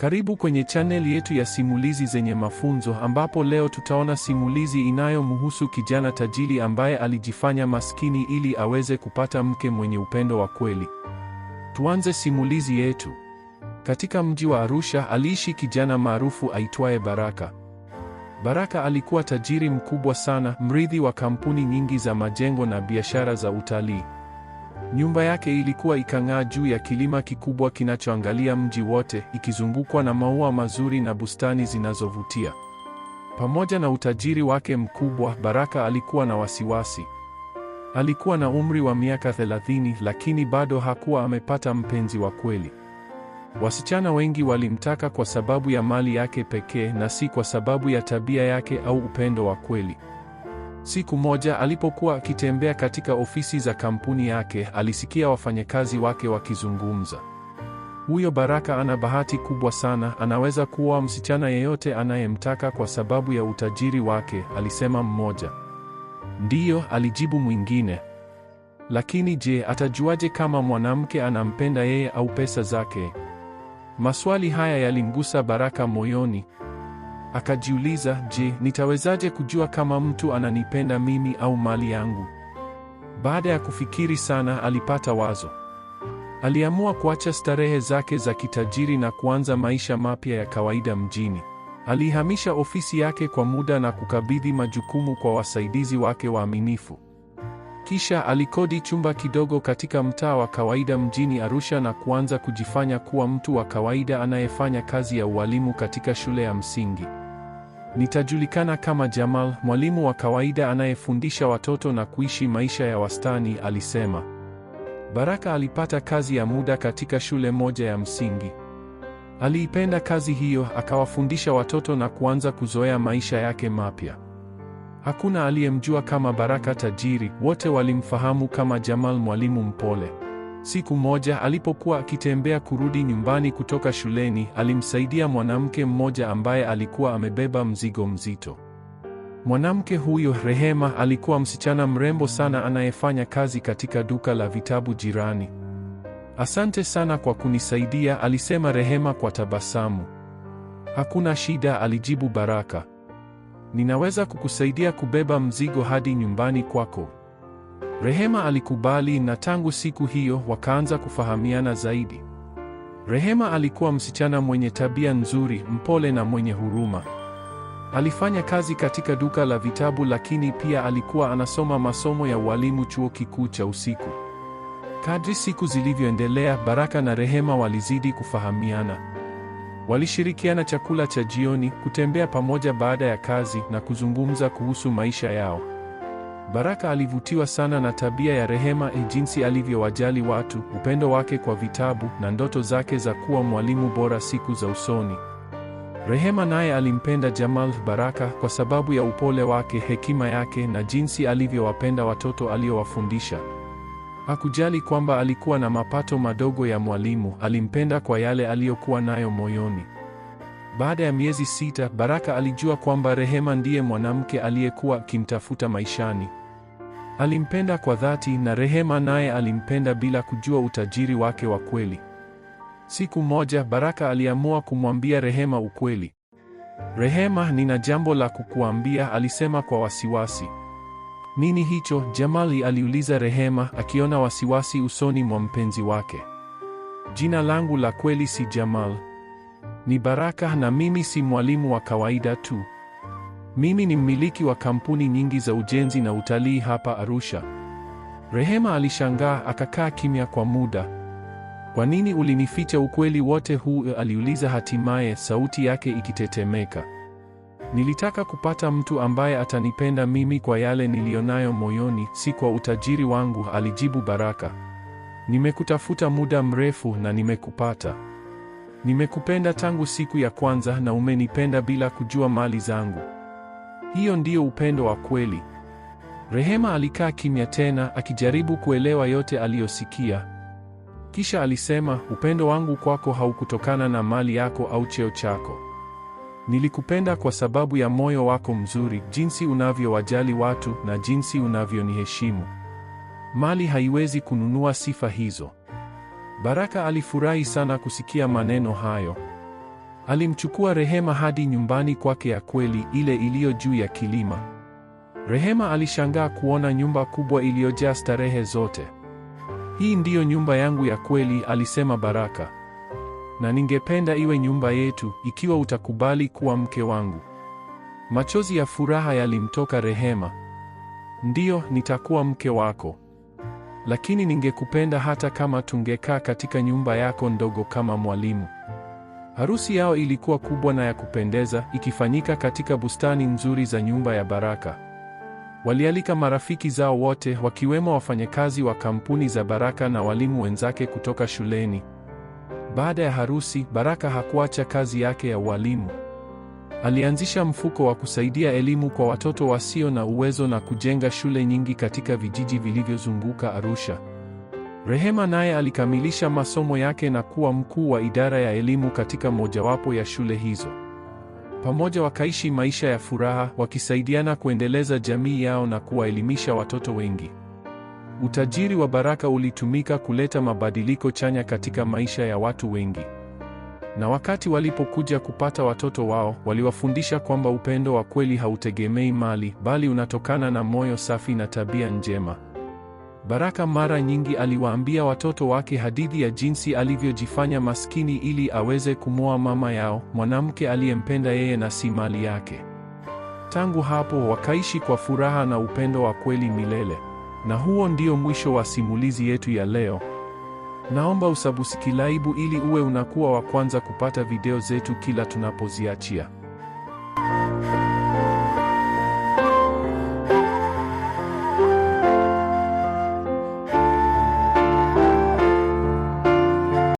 Karibu kwenye channel yetu ya simulizi zenye mafunzo ambapo leo tutaona simulizi inayomhusu kijana tajiri ambaye alijifanya maskini ili aweze kupata mke mwenye upendo wa kweli. Tuanze simulizi yetu. Katika mji wa Arusha aliishi kijana maarufu aitwaye Baraka. Baraka alikuwa tajiri mkubwa sana, mrithi wa kampuni nyingi za majengo na biashara za utalii. Nyumba yake ilikuwa ikang'aa juu ya kilima kikubwa kinachoangalia mji wote, ikizungukwa na maua mazuri na bustani zinazovutia. Pamoja na utajiri wake mkubwa, Baraka alikuwa na wasiwasi. Alikuwa na umri wa miaka thelathini, lakini bado hakuwa amepata mpenzi wa kweli. Wasichana wengi walimtaka kwa sababu ya mali yake pekee na si kwa sababu ya tabia yake au upendo wa kweli. Siku moja alipokuwa akitembea katika ofisi za kampuni yake, alisikia wafanyakazi wake wakizungumza. Huyo Baraka ana bahati kubwa sana, anaweza kuwa msichana yeyote anayemtaka kwa sababu ya utajiri wake, alisema mmoja. Ndiyo, alijibu mwingine. Lakini je, atajuaje kama mwanamke anampenda yeye au pesa zake? Maswali haya yalimgusa Baraka moyoni. Akajiuliza, je, nitawezaje kujua kama mtu ananipenda mimi au mali yangu? Baada ya kufikiri sana, alipata wazo. Aliamua kuacha starehe zake za kitajiri na kuanza maisha mapya ya kawaida mjini. Alihamisha ofisi yake kwa muda na kukabidhi majukumu kwa wasaidizi wake waaminifu. Kisha alikodi chumba kidogo katika mtaa wa kawaida mjini Arusha na kuanza kujifanya kuwa mtu wa kawaida anayefanya kazi ya ualimu katika shule ya msingi. Nitajulikana kama Jamal, mwalimu wa kawaida anayefundisha watoto na kuishi maisha ya wastani, alisema. Baraka alipata kazi ya muda katika shule moja ya msingi. Aliipenda kazi hiyo, akawafundisha watoto na kuanza kuzoea maisha yake mapya. Hakuna aliyemjua kama Baraka tajiri, wote walimfahamu kama Jamal, mwalimu mpole. Siku moja alipokuwa akitembea kurudi nyumbani kutoka shuleni, alimsaidia mwanamke mmoja ambaye alikuwa amebeba mzigo mzito. Mwanamke huyo Rehema alikuwa msichana mrembo sana anayefanya kazi katika duka la vitabu jirani. Asante sana kwa kunisaidia, alisema Rehema kwa tabasamu. Hakuna shida, alijibu Baraka. Ninaweza kukusaidia kubeba mzigo hadi nyumbani kwako. Rehema alikubali na tangu siku hiyo wakaanza kufahamiana zaidi. Rehema alikuwa msichana mwenye tabia nzuri, mpole na mwenye huruma. Alifanya kazi katika duka la vitabu lakini pia alikuwa anasoma masomo ya ualimu chuo kikuu cha usiku. Kadri siku zilivyoendelea, Baraka na Rehema walizidi kufahamiana. Walishirikiana chakula cha jioni, kutembea pamoja baada ya kazi na kuzungumza kuhusu maisha yao. Baraka alivutiwa sana na tabia ya Rehema, e, jinsi alivyowajali watu, upendo wake kwa vitabu na ndoto zake za kuwa mwalimu bora siku za usoni. Rehema naye alimpenda Jamal Baraka kwa sababu ya upole wake, hekima yake na jinsi alivyowapenda watoto aliyowafundisha. Hakujali kwamba alikuwa na mapato madogo ya mwalimu, alimpenda kwa yale aliyokuwa nayo moyoni. Baada ya miezi sita, Baraka alijua kwamba Rehema ndiye mwanamke aliyekuwa akimtafuta maishani. Alimpenda kwa dhati na Rehema naye alimpenda bila kujua utajiri wake wa kweli. Siku moja Baraka aliamua kumwambia Rehema ukweli. Rehema, nina jambo la kukuambia, alisema kwa wasiwasi. Nini hicho? Jamali aliuliza Rehema akiona wasiwasi usoni mwa mpenzi wake. Jina langu la kweli si Jamal. Ni Baraka na mimi si mwalimu wa kawaida tu. Mimi ni mmiliki wa kampuni nyingi za ujenzi na utalii hapa Arusha. Rehema alishangaa akakaa kimya kwa muda. Kwa nini ulinificha ukweli wote huu? aliuliza hatimaye, sauti yake ikitetemeka. Nilitaka kupata mtu ambaye atanipenda mimi kwa yale niliyonayo moyoni, si kwa utajiri wangu, alijibu Baraka. Nimekutafuta muda mrefu na nimekupata. Nimekupenda tangu siku ya kwanza na umenipenda bila kujua mali zangu. Hiyo ndiyo upendo wa kweli. Rehema alikaa kimya tena, akijaribu kuelewa yote aliyosikia. Kisha alisema, upendo wangu kwako haukutokana na mali yako au cheo chako. Nilikupenda kwa sababu ya moyo wako mzuri, jinsi unavyowajali watu na jinsi unavyoniheshimu. Mali haiwezi kununua sifa hizo. Baraka alifurahi sana kusikia maneno hayo. Alimchukua Rehema hadi nyumbani kwake ya kweli, ile iliyo juu ya kilima. Rehema alishangaa kuona nyumba kubwa iliyojaa starehe zote. Hii ndiyo nyumba yangu ya kweli, alisema Baraka, na ningependa iwe nyumba yetu ikiwa utakubali kuwa mke wangu. Machozi ya furaha yalimtoka Rehema. Ndiyo, nitakuwa mke wako, lakini ningekupenda hata kama tungekaa katika nyumba yako ndogo kama mwalimu. Harusi yao ilikuwa kubwa na ya kupendeza, ikifanyika katika bustani nzuri za nyumba ya Baraka. Walialika marafiki zao wote, wakiwemo wafanyakazi wa kampuni za Baraka na walimu wenzake kutoka shuleni. Baada ya harusi, Baraka hakuacha kazi yake ya ualimu. Alianzisha mfuko wa kusaidia elimu kwa watoto wasio na uwezo na kujenga shule nyingi katika vijiji vilivyozunguka Arusha. Rehema naye alikamilisha masomo yake na kuwa mkuu wa idara ya elimu katika mojawapo ya shule hizo. Pamoja wakaishi maisha ya furaha, wakisaidiana kuendeleza jamii yao na kuwaelimisha watoto wengi. Utajiri wa Baraka ulitumika kuleta mabadiliko chanya katika maisha ya watu wengi. Na wakati walipokuja kupata watoto wao, waliwafundisha kwamba upendo wa kweli hautegemei mali, bali unatokana na moyo safi na tabia njema. Baraka mara nyingi aliwaambia watoto wake hadithi ya jinsi alivyojifanya maskini ili aweze kumwoa mama yao, mwanamke aliyempenda yeye na si mali yake. Tangu hapo wakaishi kwa furaha na upendo wa kweli milele. Na huo ndio mwisho wa simulizi yetu ya leo. Naomba usabusikilaibu ili uwe unakuwa wa kwanza kupata video zetu kila tunapoziachia.